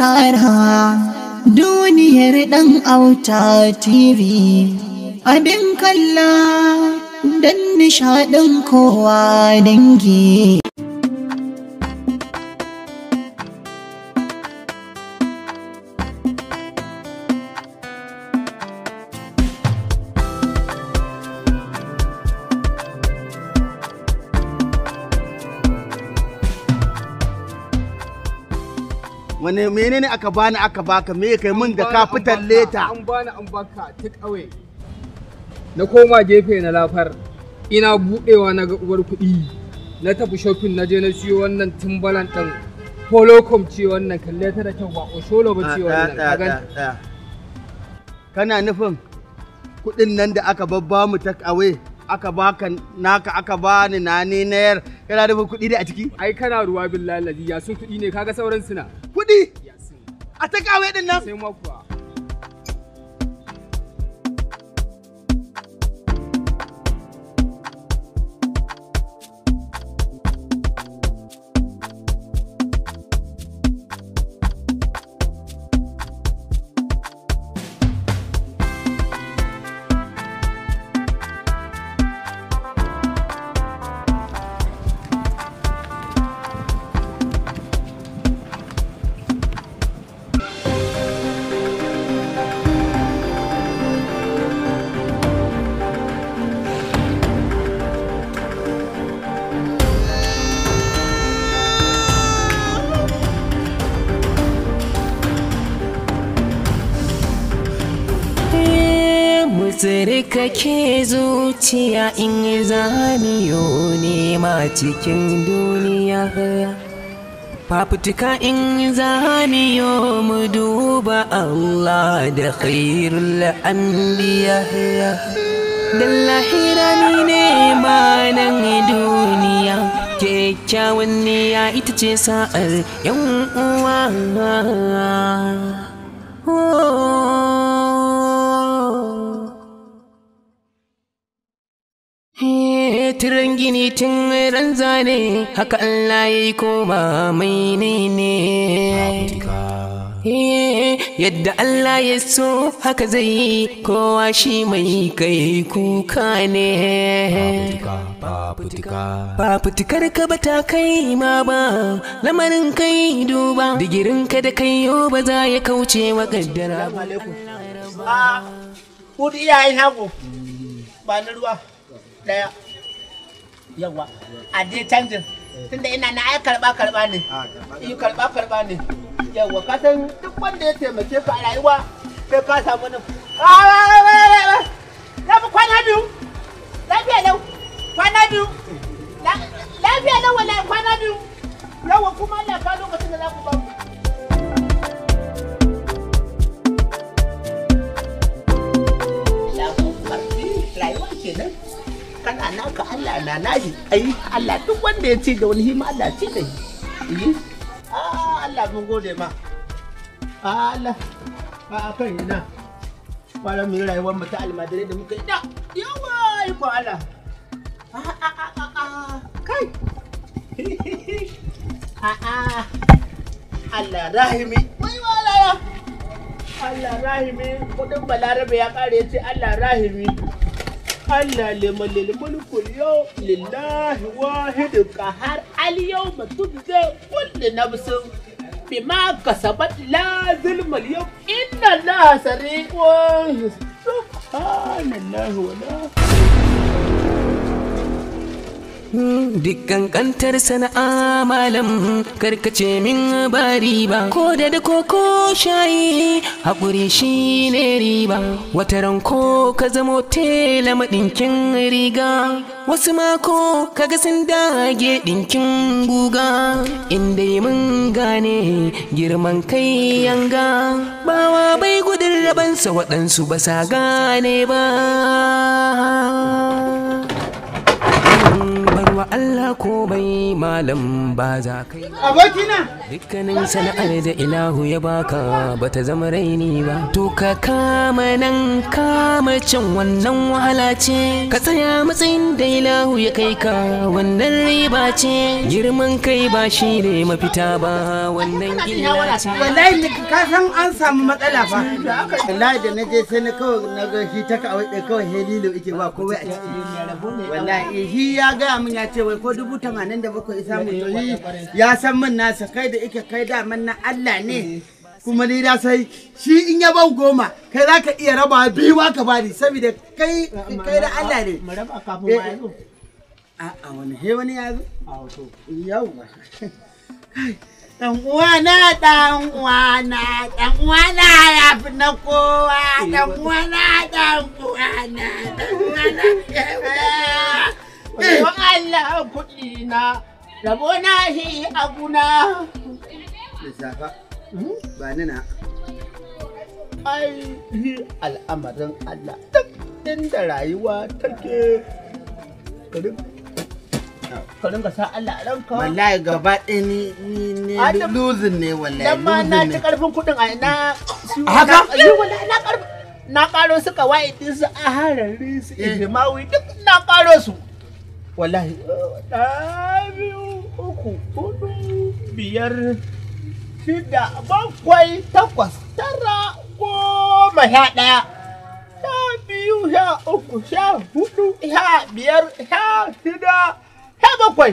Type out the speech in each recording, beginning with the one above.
tara duniyar ɗan auta tv abin kalla don nishaɗin kowa dangi mene ne aka bani aka baka me kai mun da ka fitar leta an bani an baka Take away. na koma gefe na lafar ina budewa na ga uwar kuɗi na tafi shopping na je na siyo wannan timbalan din holocom ce wannan kalle ta da kyau ba osholo ba ce ah, wannan ka kana nufin kuɗin nan da aka babba mu take away? aka baka naka aka bani na ne yar kana da kuɗi da a ciki ai kana ruwa billahi ya sun kuɗi ne kaga sauran suna kuɗi? A ta ƙawe ɗin nan? Sai makuwa. ke zuciya in zamiyo ma cikin duniya fafutuka in zamiyo mu duba Allah da khairul anbiya dan lahira ne ma nan duniya kyakkyawan ne ya ita ce sa'ar yan uwa oh. Eh, tiran gini tun ran zane haka Allah ya yi koma mai ne eh, Yadda Allah ya so haka zai yi kowa shi mai kai kuka ne. Fafutukar ka ba ta kai ma ba, lamarin kai duba, digirin ka da kai yau ba za ya kauce wa gaddara. Kudu iyayen ba na ruwa. daya yawa a je canjin tunda ina na ai karba karba ne yi karba karba ne yawa ka san duk wanda ya taimake ka a rayuwa sai ka samu nan na fi kwana biyu lafiya lau kwana biyu lafiya lau wala kwana biyu yawa kuma Allah ka lokacin da za ku ba kenan kana naka Allah na nashi ai Allah duk wanda ya ci da wani hima Allah ce da shi ah, Allah mun gode ma ah, Allah ba a kan ina fara mu rayuwar mu ta almadirai da muka yi da yawa iko Allah ah, kai a'a Allah rahimi wai walaya Allah rahimi kudin balarabe ya kare ya ce Allah rahimi Allah limalil mulku yau lillahi wahidu qahar al yau tujza kullu nafsin bima kasabat la zulma al yau inna Allah sariqun subhanallah wa la dukkan kantar sana'a malam karkace min ba riba ko da da koko shayi haƙuri shi ne riba wata ranko ka zamo tela maɗinkin riga wasu mako ka ga sun dage ɗinkin guga inda mun gane girman kai yanga bawa bai gudun rabansa waɗansu ba sa gane ba wa Allah ko bai malam ba za kai abokina dukkanin sana'ar da ilahu ya baka ba ta zama raini ba to ka kama nan kama can wannan wahala ce ka tsaya matsayin da ilahu ya kai ka wannan riba ce girman kai ba shi ne mafita ba wannan illa ce wallahi ka san an samu matsala fa wallahi da na je sai na kawai na ga shi ta kawai kawai helilo yake ba komai a ciki wallahi eh, shi ya ga min ya ce wai ko dubu tamanin da bakwai mu to ya san min nasa kai da ike kai da man na Allah ne kuma ni da sai shi in ya bau goma kai za ka iya raba biyu ma ka bari saboda kai kai da Allah ne mu raba kafin ma yazo eh, a'a wani he wani ya zo a to yawa kai dan uwana dan uwana dan ya fi na kowa dan uwana dan uwana dan uwana Don Allah kuɗi na rabo na shi abuna. Lissafa, hmm? ba ni na. Ai, al'amarin Allah duk da rayuwa take. Ka ringa sa Allah a ranka. Wallahi gaba ɗaya ni ni ne luzin ne wallahi. Dan ma na ci karfin kuɗin a ina. Haka? Yi wallahi na karfin. Na karo su kawai ɗin su a harari su eh. ijimawi duk na karo su. wallahi eh, biyu uku hudu biyar shida bakwai takwas tara goma sha ɗaya sha biyu sha uku sha hudu sha biyar sha shida sha bakwai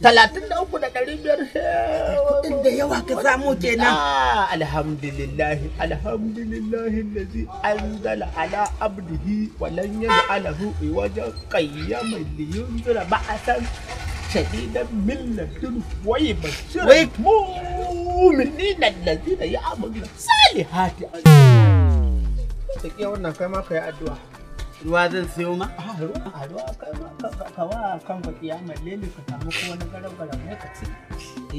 talatin da uku da ɗari biyar kuɗin da yawa ka samu kenan ah, alhamdulillahi alhamdulillahi an zala ala abdihi walan yaj'alahu wajen qayyamin liyunzira ba'asan شديدا من لدنه ويبشر المؤمنين الذين يعملون الصالحات. Take wannan kai ma ka yi addu'a. ruwa zan siyo ma? a ah, ruwa a ah, ruwa ka wa kan baki ya malle ne ka samu ko wani garau garau ne ka ci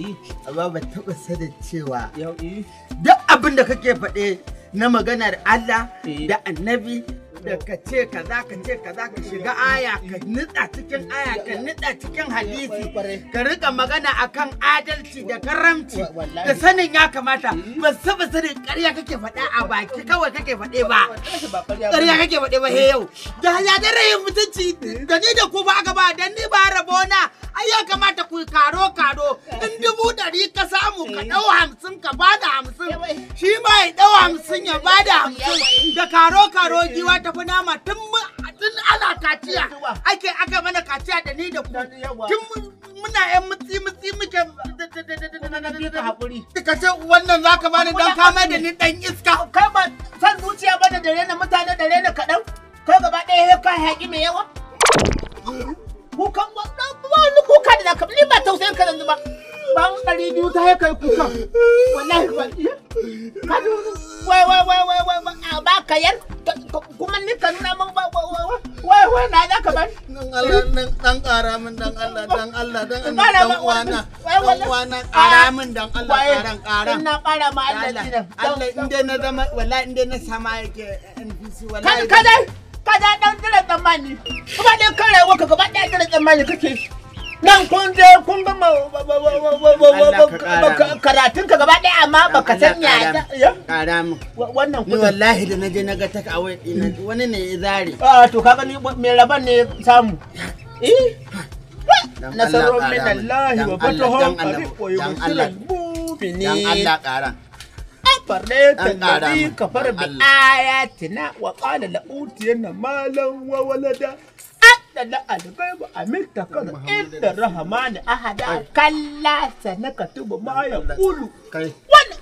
eh amma ba taba sanin cewa yau eh duk abin da kake faɗe na maganar Allah eh. da annabi da ka ce ka za ka ce ka za ka shiga aya ka nitsa cikin aya ka nitsa cikin hadisi ka rika magana akan adalci da karamci da sanin ya kamata ba saba sanin ƙarya kake faɗa a baki kawai kake faɗe ba ƙarya kake faɗe ba he yau da ya da rayin mutunci da ni da ku ba a gaba da ni ba rabona ai ya kamata ku karo karo in dubu ɗari ka samu ka ɗau hamsin ka bada hamsin shi ma ya ɗau hamsin ya bada hamsin da karo karo giwa ta tafi nama tun tun ana kaciya ake aka mana kaciya da ni da ku tun muna yan mutsi mutsi muke hakuri ka ce wannan zaka bani dan kamar da ni dan iska kai ba san zuciya ba da dare na mutane dare na kadan kai gaba ɗaya kai haƙi mai yawa kukan wannan ba ni kuka da ka ni ba tausayin ka yanzu ba ban ɗari biyu ta ya kai kuka wallahi ba wai wai wai wai wai ba ka yar kuma ni ka nuna min ba wai wai na da ka bani Allah dan ƙara min dan Allah dan Allah dan Allah dan uwana dan uwana ƙara min dan Allah ƙaran ƙaran ina ƙara ma Allah dinan Allah in na zama wallahi in na sama yake NPC wallahi kada kada dan tsammani kuma dai kare waka gaba ɗaya dira tsammani kake nan kun je kun ga karatun ka gaba daya amma baka san ya mu wannan wallahi da naje ta kawai ina wani ne ya zare a ah, to kaga ni me raban ne samu eh nasarun min Allah wa fatuhum qarib wa yubsilul mu'minin dan Allah karan farlet alladhi kafara bi ayatina wa qala la na malan wa walada ɗala algaibu aminta kaza inda rahamani ahada kalla sana ka tuba ma kulu wani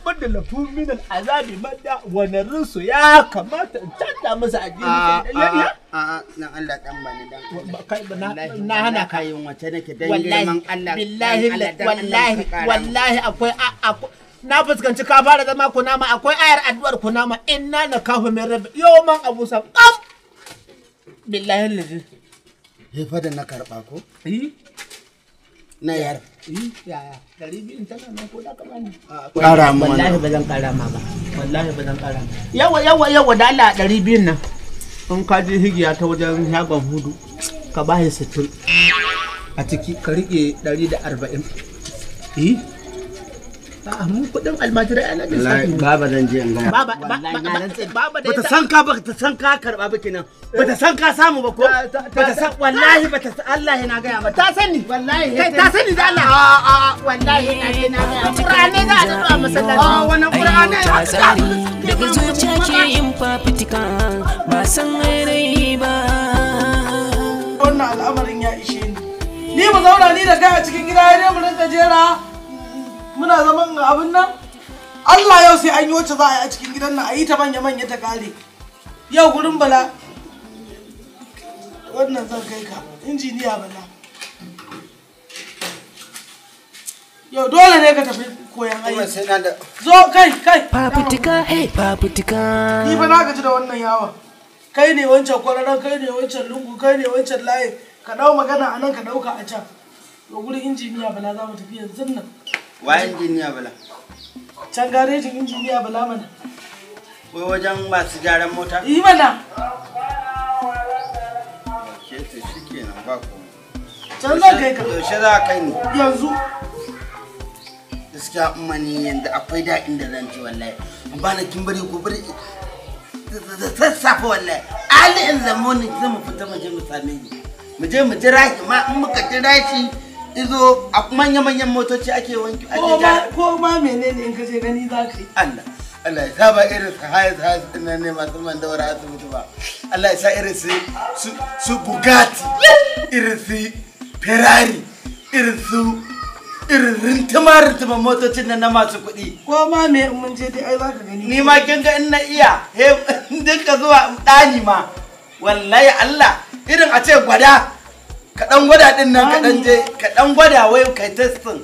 bada wani rinsu ya kamata in masa na Allah dan dan na hana ka yin wace nake dan girman Allah wallahi wallahi akwai na fuskanci ka fara zama kunama akwai ayar addu'ar kunama inna na kafa min abu Hefa da na karɓa ko? Eh. Na yar. Eh, yaya, ɗari biyun tana nan ko da ka bani? Ƙara ah, ma. Wallahi ba zan ƙara ma ba. Wallahi ba zan ƙara ma. Yawa yawa yawa da Allah ɗari biyun nan. In ka je higiya ta wajen shagon hudu, ka ba shi sittin. A ciki ka riƙe ɗari da arba'in. Eh? a mun kudin almajirai ana da sabi baba zan je in ga baba baba bata san ka bata san ka karba ba kenan bata san ka samu ba ko bata san wallahi bata Allah na ga mata ta sani wallahi ta sani da Allah a a wallahi na je na Qur'ani da addu'a masallaci a wannan Qur'ani ta sani daga zuciya ke in fafutuka ba san rai ba wannan al'amarin ya ishe ni ni mu zauna ni da kai a cikin gida ya ne mu rinka jera muna zaman abin nan Allah yau sai an yi wacce za a yi a cikin gidan nan a yi ta manya-manya ta kare yau gurin bala wannan zan kai ka injiniya bala yau dole ne ka tafi koyan aiki zo kai kai fafutuka hey fafutuka ni fa na gaji da wannan yawa. kai ne wancan kwararan kai ne wancan lungu kai ne wancan layi ka dau magana a nan ka dauka a can yau gurin injiniya bala za mu tafi yanzu nan wa injiniya bala can garejin injiniya bala mana wai wajen masu gyaran mota yi mana ke to ka kenan ba ku can zan kai ka yaushe za kai ni yanzu gaskiya in mani yanda akwai daɗin da zan ci wallahi in ba na kin bari ko bari sassafe wallahi ali in zamo ni zama fita mu je mu same ni mu je mu jira shi ma in muka jira shi izo a manya-manyan motoci ake wanki ake ja ko ma menene in kace gani za ka yi Allah Allah ya saba irin su hayes hayes din nan ne masu man daura asibiti ba Allah ya sa irin su su Bugatti irin su Ferrari irin su irin rintuma rintuma motocin nan na masu kuɗi ko ma me mun je dai ai za ka gani ni ma kin ga in na iya he dinka zuwa ɗani ma wallahi Allah irin a ce gwada kaɗan gwada ɗin nan kaɗan je kaɗan gwada wai kai testin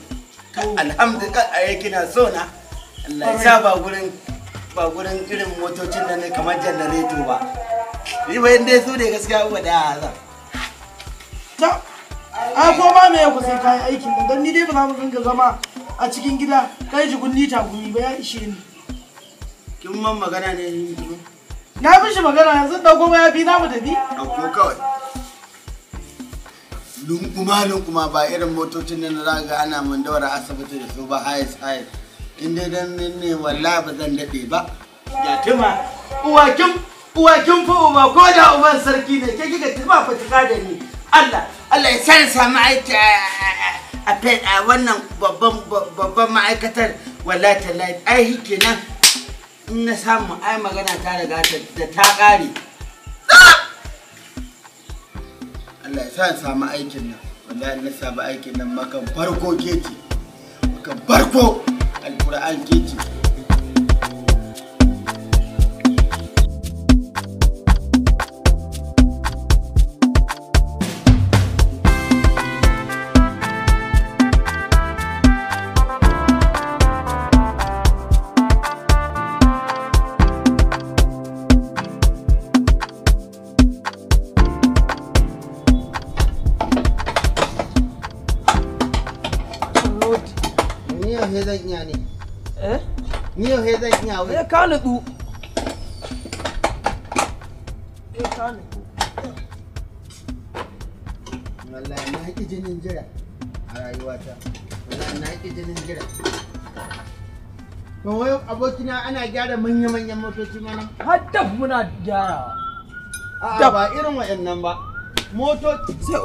alhamdulillah a kina so na Allah ya sa ba gurin ba gurin irin motocin da ne kamar janareto ba ni ba dai su ne gaskiya ba da haza to a ko ba me ku sai kai aikin nan dan ni dai ba za mu dinga zama a cikin gida kai jigun ta gumi ba ya ishe ni kin man magana ne ni na fi shi magana yanzu dauko ba ya fi na mu tafi dauko kawai kuma kuma ba irin motocin da za ga ana mandawara asibiti da su ba hayes hayes in dai dan ne walla ba zan daɗe ba ya tuma uwakin uwakin fa uba ko da uban sarki ne ke kika tuma fatika da ni Allah Allah ya san samu aiki a a wannan babban babban ma'aikatar ta life ai hikenan in na samu ai magana ta riga da ta ƙare Allah ya sa samu aikin nan wallahi na samu aikin nan makan farko keke makan farko alkur'an keke ni yaushe zan iya ne eh ni yaushe zan iya wai eh ka nutsu eh ka nutsu wallahi na ki jinin jira a rayuwata wallahi na ki jinin jira to wai abokina ana gyara manya-manyan motoci mana har daf muna gyarawa a'a ba irin wa'annan ba motoci sai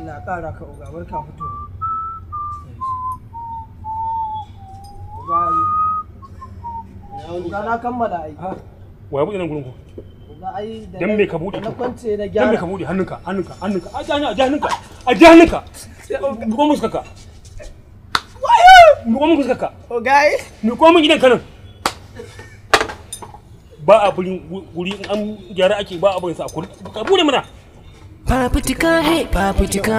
Allah ya kara ka uga barka fito Ga na kammala ai. Wa ya buɗe nan gurin ku? Dan me ka buɗe? Na kwance na gyara. Dan me ka buɗe hannunka hannunka hannunka a ji a ji hannunka a ji hannunka. Oh, miƙo mun suka. Wayo! Miƙo mun suka. O oh, gai. Miƙo mun gidan kanan. Ba a burin guri an gyara ake ba a burin sa a kuri. Ka buɗe mana. Fafutuka he fafutuka.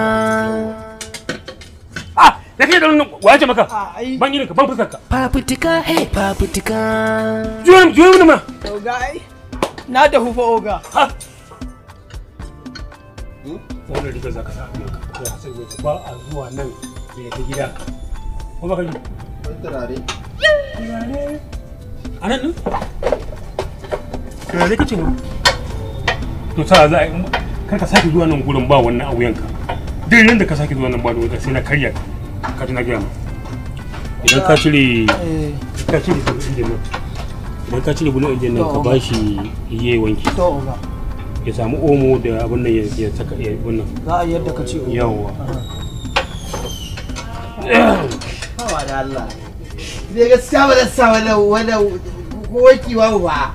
da kai da wannan wace maka ban yi ka ban fuskar ka fafutuka he fafutuka juyo juyo mun ma oga ai na da hufa oga ha wannan da zaka sa ka sai ba a zuwa nan da ta gida ko ba baka ji turare turare a nan din turare kace mu to sa za a yi kar ka sake zuwa nan gurin ba wannan a wuyanka duk da ka sake zuwa nan ba da wata sai na karya ka ka na idan ka cire ka cire injin nan idan ka cire injin nan ka bashi iye wanki ya samu omo da abin nan ya saka ya wannan za a yadda ka ce yawwa hawa da Allah zai gaskiya ba da sa wannan wannan wakiwa ba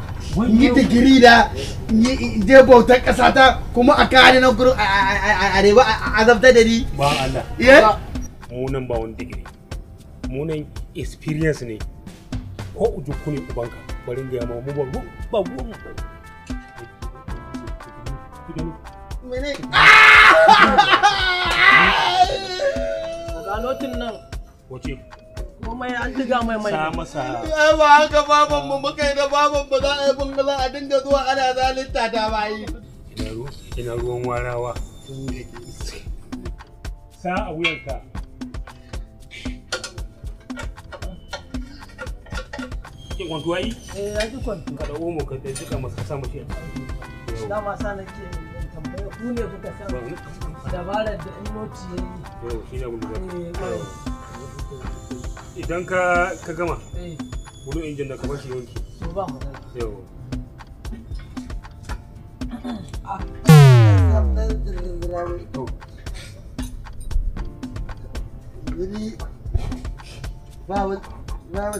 yi digiri da je bautar ƙasa ta kuma a kare na gurin a rewa a azabta da ni ba Allah munan ba wani digiri munan experience ne ko uju ku ne ubanka bari ga ma mu ba mu ba mu mene ganotin nan wace komai an diga mai mai sa masa ai ba haka baban mu muka yi da baban ba za a yi bungala a dinga zuwa ana zalunta ta bayi ina ruwan warawa sa a wuyanka cikin kwantuwa yi? Eh, ya ji kwantu. ka da jika masu sa mashi a cikin. sa na ke tambaya ku ne kuka dabarar da inoti ya yi. Eh, Idan ka gama, eh. bulu injin da ka To ba mu Yau. Ah. ba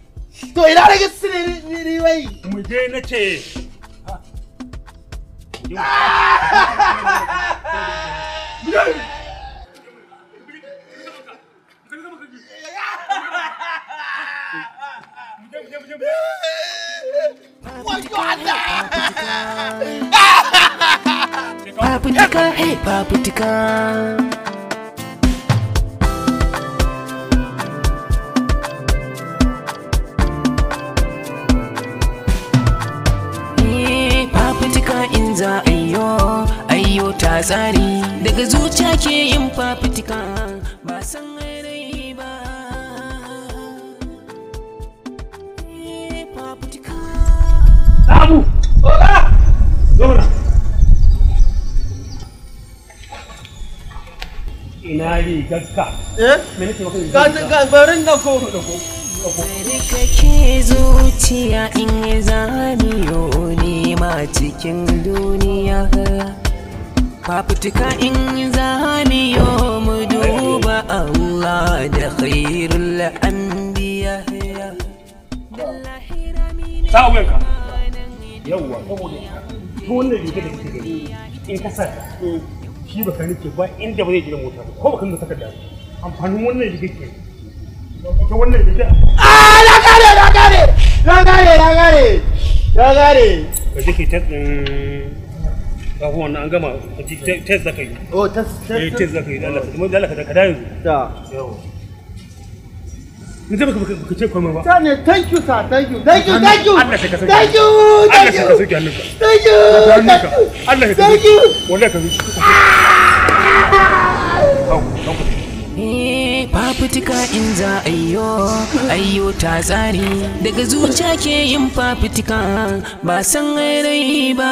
Papa, hey, Papa, tsari daga zuciya ke yin fafitika ba san rai ba fafutuka abu oga gwamna ina rigarka eh miniti da ko da ko ke zuciya in yi zaniyo nema cikin duniya fafutuka in zani mu duba Allah da khairul anbiya sa wuyanka yawwa saboda ko wannan riga da kake gani in ka sa shi ba ka rike ba inda ba zai jira mota ko ba saka da takarda amfanin wannan riga ke ta wannan riga ah na gare na gare na gare na gare na gare ba dake ta kafin wannan an gama test zaka yi oh test test eh, test zaka da Allah kuma da Allah ka da yanzu da yawa ni da baka baka ce komai ba thank you sir thank you thank you thank you Allah ka thank you ka thank you Allah ka thank you wallahi ka eh, fafutuka in za ta tsari daga zuciya ke yin fafutuka ba san ba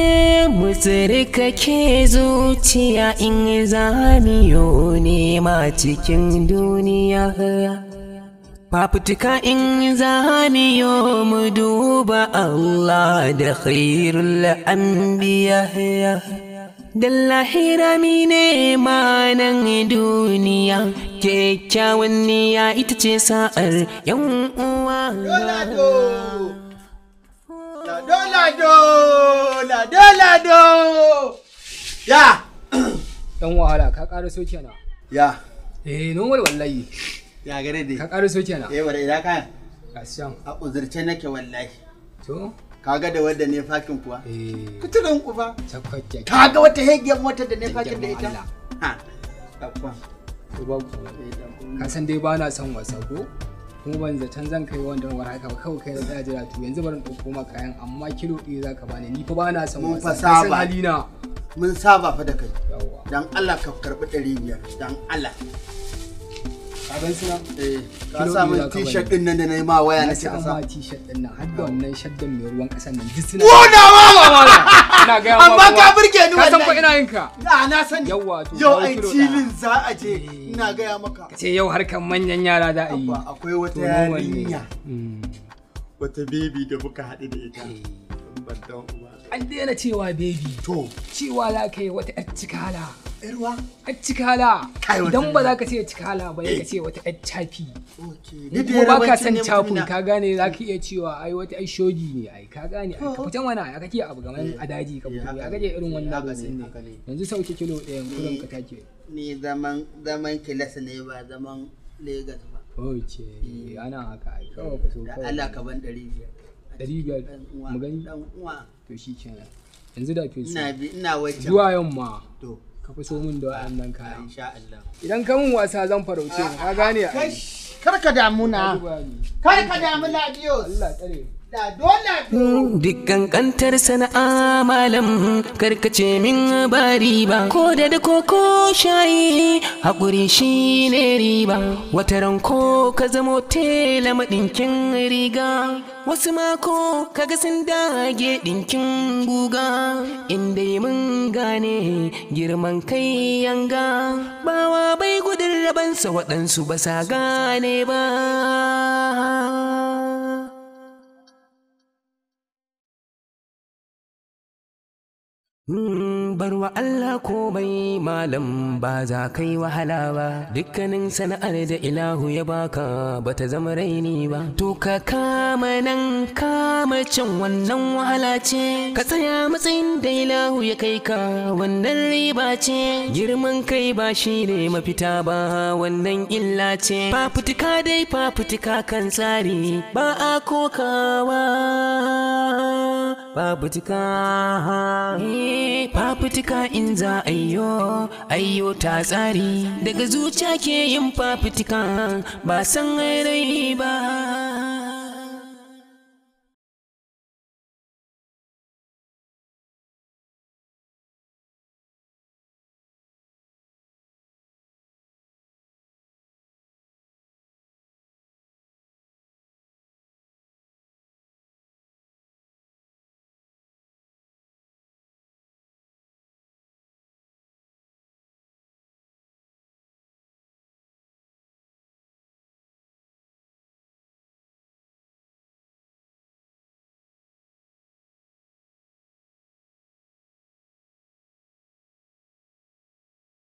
mutsirka ke zuciya in zamiyo nema cikin duniya Mafutuka in zamiyo mu duba Allah da khairul anbiya Dallahira mine manan duniya kyakkyawan niyya ita ce sa'ar yan uwa. lado lado lado ya dan wahala ka ƙara so kenan ya eh normal wallahi ya gare dai ka ƙara so kenan eh a uzurce nake wallahi to kaga da wadda ne fakin kuwa eh. kuturin ku fa kaga wata hegiyar da ne fakin da ita ha ka san dai ba na son wasa ko kuma ban zaton zan kai wanda wani haka ba kawai kai da jira to yanzu bari in ɗauko ma kayan amma kilo ɗaya zaka bani ni fa bana na mun fasa ba halina mun saba fa da kai dan Allah ka karbi ɗari biyar dan Allah kaban suna eh ka sa min t-shirt din nan da nayi ma waya na sai a sa t-shirt din nan har da wannan shaddan mai ruwan kasan nan duk suna wona ma ma wala ina ga amma ka burge ni wannan ka san ko ina yin ka na na sani yawa to yau ai cilin za a je eh. ina gaya maka ce yau harkan manyan yara da a yi akwai wata yarinya mm. wata baby da muka haɗu da ita eh. an daina cewa baby. to cewa za ka yi wata yar cikala yarwa yar cikala idan ba za ka ce cikala ba ka ce wata yar cafi kuma ba ka san cafin ka gane za ka iya cewa ai wata yar shogi ne ai ka gane ka oh. fitan wani ai kake abu gaman eh. adaji daji ka fito ya gaje irin wannan abin ne yanzu sauke kilo ɗayan kuɗin ka eh. take ni zaman zaman kilasa ne ba zaman Legas ba. oke ana haka ai eh, kawai ka so kawai. Da Allah ka ban ɗari biyar. Ɗari biyar mu gani? Ɗan uwa. To shi kenan. Yanzu da ke so. Ina bi ina wacce. Zuwa yamma. To. Ka fi so min da nan kaya. Ah, insha Allah. Idan ka mun wasa zan farauce ka gane. Ah, kar ka damu na. Kar ka damu Ladiyo. Allah tsare. Mm, duk kantar sana'a malam karkace min ba riba ko da da koko shayi haƙuri shi ne riba wata ranko ka zamo tela maɗinkin riga wasu mako ka ga sun dage ɗinkin guga inda mun gane girman kai yanga bawa bai gudun rabansa waɗansu ba sa gane ba. Hmm, Barwa Allah ko komai malam ba za kai wahala ba dukkanin sana'ar da ilahu ya baka ba ta zama raini ba to ka kama nan kama can wannan wahala ce ka tsaya matsayin da ilahu ya kai ka wannan riba ce girman kai ba shi ne mafita ba wannan illa ce fafutuka dai fafutuka kan tsari ba a kokawa fafutuka Ye fafutuka in za ayyo ayyo ta tsari daga zuciya ke yin fafutuka ba san rai ba.